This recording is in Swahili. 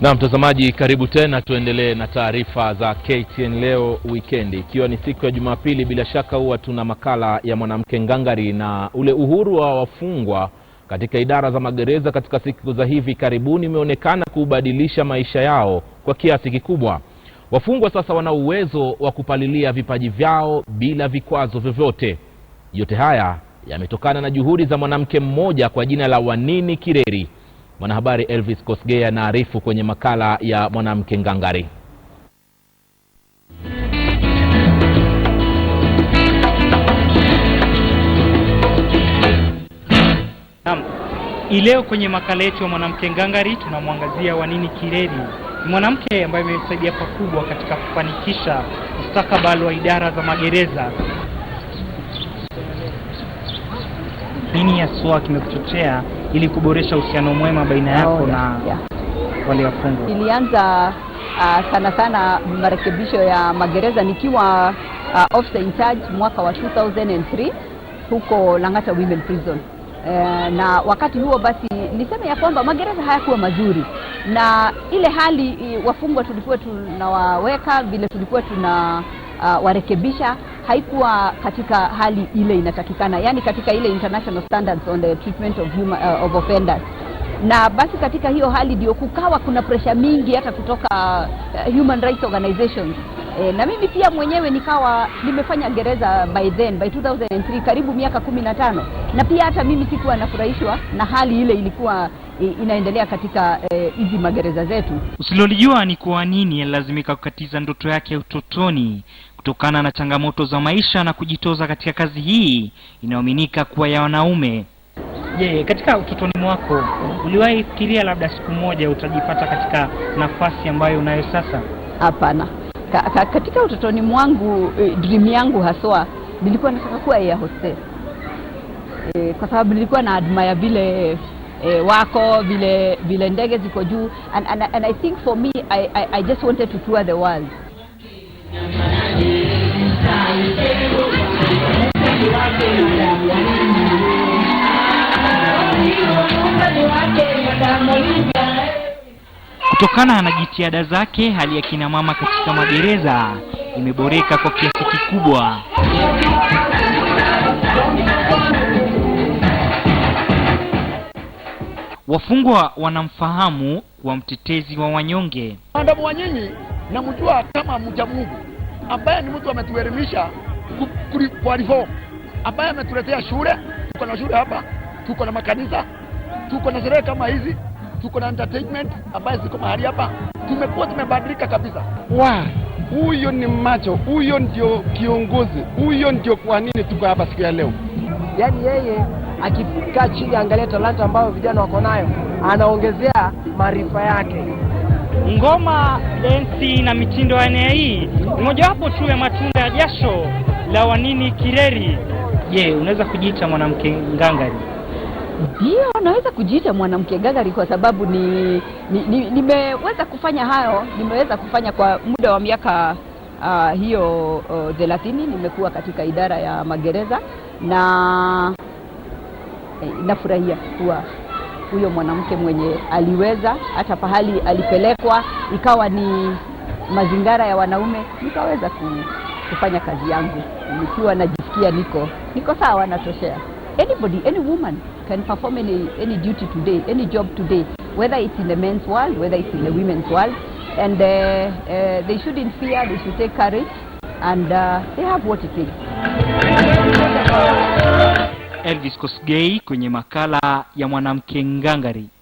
Na mtazamaji, karibu tena, tuendelee na taarifa za KTN leo wikendi, ikiwa ni siku ya Jumapili. Bila shaka huwa tuna makala ya mwanamke ngangari na ule uhuru wa wafungwa katika idara za magereza katika siku za hivi karibuni imeonekana kubadilisha maisha yao kwa kiasi kikubwa. Wafungwa sasa wana uwezo wa kupalilia vipaji vyao bila vikwazo vyovyote. Yote haya yametokana na juhudi za mwanamke mmoja kwa jina la Wanini Kireri. Mwanahabari Elvis kosgey anaarifu kwenye makala ya Mwanamke Ngangari. Ileo kwenye makala yetu ya Mwanamke Ngangari tunamwangazia Wanini Kireri, mwanamke ambaye amesaidia pakubwa katika kufanikisha mustakabali wa idara za magereza. Nini haswa kimekuchochea ili kuboresha uhusiano mwema baina yako oh, na yeah. wale wafungwa. Ilianza uh, sana sana marekebisho ya magereza nikiwa uh, officer in charge mwaka wa 2003 huko Lang'ata Women Prison uh, na wakati huo basi niseme ya kwamba magereza hayakuwa mazuri na ile hali wafungwa tulikuwa tunawaweka vile tulikuwa tuna uh, warekebisha haikuwa katika hali ile inatakikana, yani katika ile international standards on the treatment of, human, uh, of offenders na basi katika hiyo hali ndio kukawa kuna pressure mingi hata kutoka uh, human rights organizations e, na mimi pia mwenyewe nikawa nimefanya Gereza by then by 2003 karibu miaka kumi na tano, na pia hata mimi sikuwa nafurahishwa na hali ile ilikuwa e, inaendelea katika eh, hizi e, magereza zetu. Usilolijua ni kwa nini alilazimika kukatiza ndoto yake ya utotoni Kutokana na changamoto za maisha na kujitoza katika kazi hii inayoaminika kuwa ya wanaume. Je, katika utotoni mwako uliwahi fikiria labda siku moja utajipata katika nafasi ambayo unayo sasa? Hapana. Ka, ka, katika utotoni mwangu e, dream yangu haswa nilikuwa nataka kuwa air hostess e, kwa sababu nilikuwa na admire vile e, wako vile vile ndege ziko juu and, and, and I think for me I, I, I just wanted to tour the world. Kutokana na jitihada zake, hali ya kina mama katika magereza imeboreka kwa kiasi kikubwa. Wafungwa wanamfahamu wa mtetezi wa wanyonge. Wanadamu wa nyinyi namjua kama mja Mungu ambaye ni mtu ametuelimisha kwa reform, ambaye ametuletea shule, tuko na shule hapa, tuko na makanisa tuko na sherehe kama hizi, tuko na entertainment ambayo ziko mahali hapa. Tumekuwa tumebadilika kabisa. Wa huyo ni macho, huyo ndio kiongozi, huyo ndio kwa nini tuko hapa siku ya leo. Yaani yeye akikaa chini, angalia talanta ambayo vijana wako nayo, anaongezea maarifa yake. Ngoma, densi na mitindo ya eneo hii ni mojawapo tu ya matunda ya jasho la wanini Kireri. Je, yeah, unaweza kujiita mwanamke ngangari? Ndio, naweza kujiita mwanamke gagari kwa sababu ni nimeweza ni, ni kufanya hayo, nimeweza kufanya kwa muda wa miaka uh, hiyo oh, thelathini. Uh, nimekuwa katika idara ya magereza na eh, nafurahia kuwa huyo mwanamke mwenye aliweza hata pahali alipelekwa ikawa ni mazingira ya wanaume, nikaweza kufanya kazi yangu nikiwa najisikia niko niko sawa, natoshea. Anybody, any woman can perform any, any duty today, any job today, whether it's in the men's world, whether it's in the women's world. And uh, uh, they shouldn't fear, they should take courage, and uh, they have what it takes. Elvis Kosgei kwenye makala ya mwanamke ngangari.